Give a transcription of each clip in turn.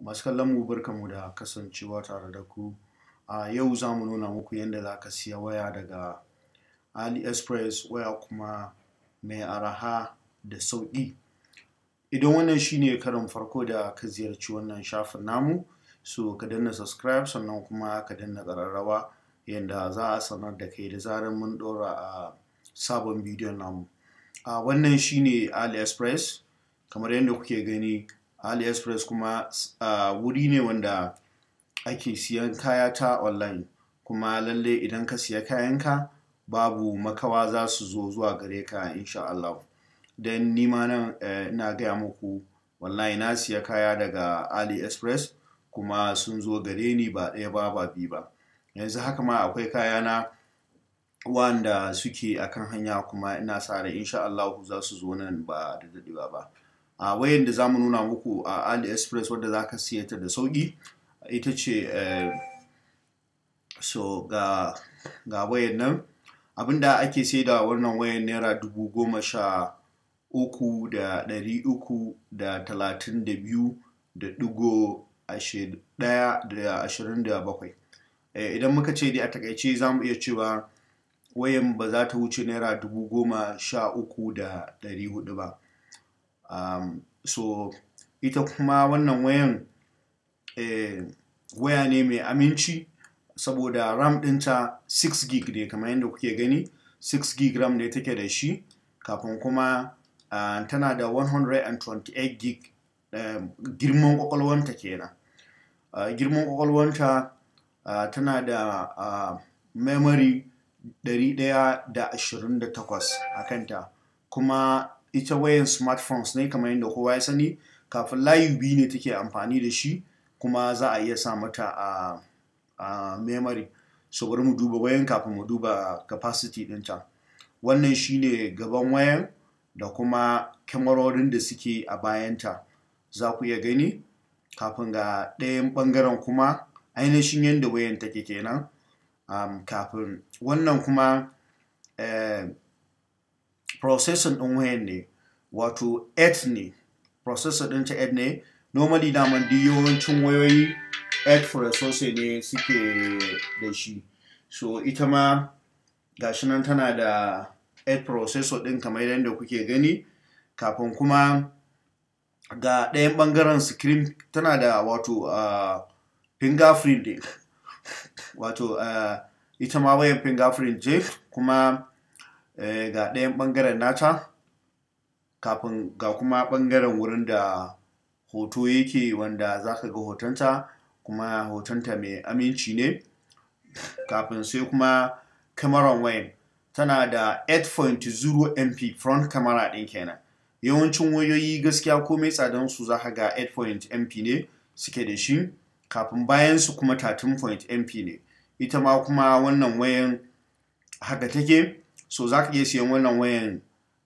masu kallon mu barka mu da kasancewa tare da ku a yau za mu nuna muku yadda za ka siya waya daga aliexpress waya kuma mai araha da sauƙi idan wannan shine karin farko da ka ziyarci wannan shafin namu so ka danna subscribe sannan kuma ka danna ƙararrawa yadda za a sanar da kai da zarar mun ɗora a sabon bidiyon namu a wannan shine aliexpress kamar yadda kuke gani aliexpress kuma wuri ne wanda ake siyan kaya ta online kuma lalle idan ka siya kayanka babu makawa za su zo zuwa gare ka insha Allah don nima nan eh, ina gaya muku wallahi na siya kaya daga aliexpress kuma sun zo gare ni ba ɗaya ba ba bi ba yanzu haka ma akwai kaya na wanda suke akan hanya kuma ina sa da insha Allah za su zo nan ba da daɗewa ba a wayan da zamu nuna muku a aliexpress wadda za ka siya ta da sauki ita ce eh, so ga wayan nan abinda ake sai da wannan wayan naira dubu goma sha uku da ɗari uku da talatin da biyu da ɗigo ɗaya da ashirin da bakwai eh, idan muka ce dai a takaice za mu iya cewa wayan ba za ta wuce naira dubu goma sha uku da ɗari hudu ba um, so ita kuma wannan wayan eh, waya ne mai aminci saboda ram dinta 6 gig ne kamar yadda kuke gani 6 gig ram ne take da shi kafin kuma uh, tana da 128 gig eh, girman kwakwalwanta kenan uh, girman kwakwalwanta uh, ah, tana da uh, memory 128 a kanta kuma ita wayan smartphones ne kamar yadda kowa ya sani kafin layi biyu ne take amfani da shi kuma za a iya sa mata a, a memory so bari mu duba wayan kafin mu duba capacity dinta wannan shine gaban wayan da kuma kyamarorin da suke a bayanta za ku iya gani kafin ga ɗayan bangaren kuma ainihin yadda wayan take kenan um, kafin wannan kuma eh, processor ɗin wayan ne wato 8 ne processor ɗin ta 8 ne normally daman duk yawancin wayoyi 8 processor ne suke da shi so ita ma gashi nan tana da 8 processor ɗin kamar yadda kuke gani kafin kuma ga ɗayan ɓangaren screen tana da wato uh, ah, fingerprint wato uh, ita ma wayan fingerprint je kuma Eh, ga ɗayan ɓangaren nata kafin ga kuma ɓangaren wurin da hoto yake wanda za ka ga hotonta kuma hotonta mai aminci ne kafin sai kuma cameron wayan tana da 8.0 mp front camera ɗin kenan yawancin wayoyi gaskiya komai tsadan su za ka ga 8. mp ne suke da shi kafin bayan su kuma 13. mp ne ita ma kuma wannan wayan haka take so za ka iya siyan wannan wayan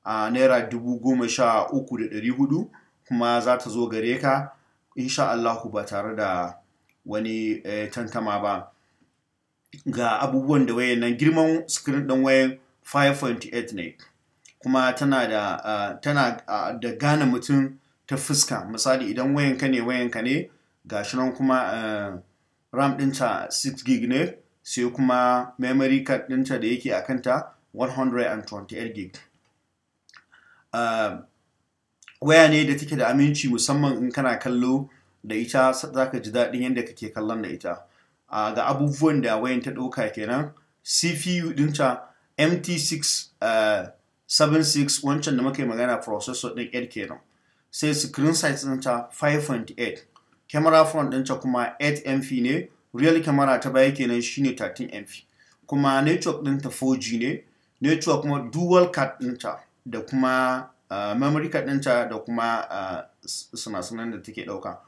a naira dubu goma sha uku da ɗari hudu kuma za ta zo gare ka insha Allahu ba tare da wani eh, tantama ba ga abubuwan da wayan nan girman screen ɗin wayan 5.8 ne kuma tana da tana da gane mutum ta fuska misali idan wayan ka ne wayan ka ne gashi nan kuma eh, ram ɗinta 6 gig ne sai kuma memory card ɗinta da yake a kanta 128 gig uh, waya ne da take da aminci musamman in kana kallo da ita za ka ji daɗin yadda kake kallon da ita ga abubuwan da wayan ta ɗauka kenan cpu ɗinta mt 676 uh, wancan da muka yi magana processor ɗin 8 kenan sai screen size ɗinta 5.8 camera front ɗinta kuma 8 mp ne real camera ta baya kenan shine 13 mp kuma network ɗinta 4g ne network kuma dual card ɗinta da kuma ah, memory card ɗinta da kuma uh, sunasunan da take ɗauka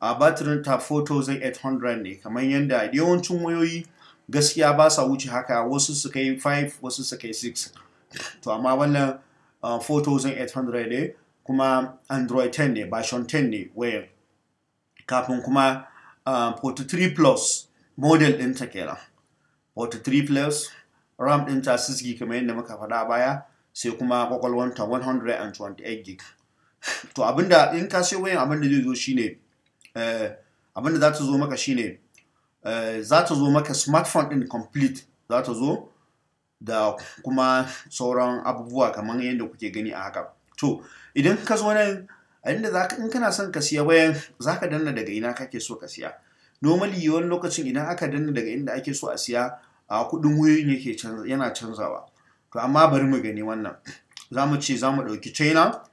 a uh, ta 4800 ne kamar yadda yawancin wayoyi gaskiya ba sa wuce haka wasu su kai 5 wasu su kai 6 to amma wannan uh, ah, 4800 ne kuma android 10 ne version 10 ne waya kafin kuma uh, 43 plus model ɗinta kenan 43 plus ram ɗin ta 6 gig kamar yadda muka faɗa a baya sai kuma ta 128 gig to abinda in ka sai wayan abinda zai zo shine eh, abinda za ta zo maka shine eh, za ta zo maka smartphone ɗin complete za ta zo da kuma sauran abubuwa kamar yadda kuke gani a haka to idan ka zo nan a inda za in kana son ka siya wayan za ka danna daga ina kake so ka siya normally yawan lokacin idan aka danna daga inda ake so a siya a kudin wuyoyin yake yana canzawa to amma bari mu gani wannan za mu ce za mu ɗauki china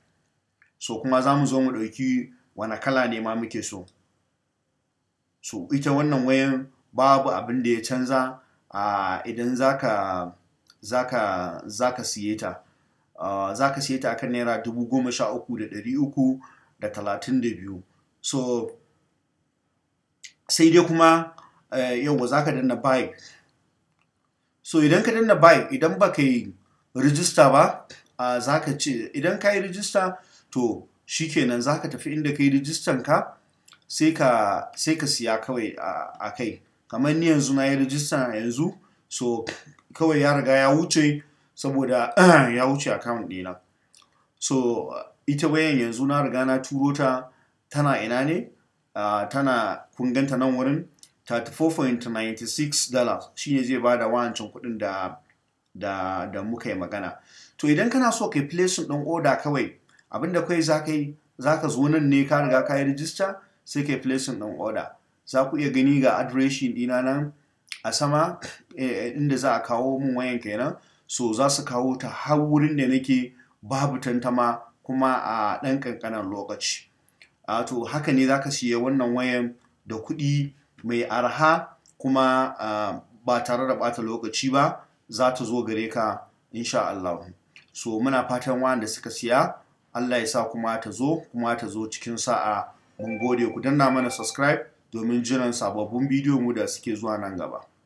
so kuma za mu zo mu ɗauki wani kala ne ma muke so so ita wannan wayan babu abin da ya canza a idan zaka zaka zaka siye ta zaka siye ta akan naira dubu goma sha uku da ɗari uku da talatin da biyu so sai dai kuma eh, yau za ka danna bai? so idan ka danna buy idan ba ka yi rijista ba a za ka ce idan ka yi register to shikenan za ka tafi inda ka yi register ka sai ka siya kawai a kai kamar ni yanzu na yi register yanzu so kawai ya riga ya wuce saboda ya wuce account ɗina so ita bayan yanzu na riga na turo ta tana ina ne tana kunganta nan wurin $34.96 dollars shine zai bada wancan kuɗin da da da muka yi magana to idan kana so kai placing ɗin order kawai abinda kai za ka za zo nan ne ka riga ka yi register sai kai placing ɗin order za ku iya gani ga adireshin dina nan a sama eh, eh, inda za a kawo mun wayan kenan so za su kawo ta har wurin da nake babu tantama kuma a ɗan ƙanƙanan lokaci ah, to haka ne za ka siya wannan wayan da kuɗi mai arha kuma uh, ba tare da bata lokaci ba za ta zo gare ka insha Allah so muna fatan wanda suka siya Allah ya sa kuma ta zo kuma ta zo cikin sa'a mun gode ku danna mana subscribe domin jiran sababbin bidiyon mu da suke zuwa nan gaba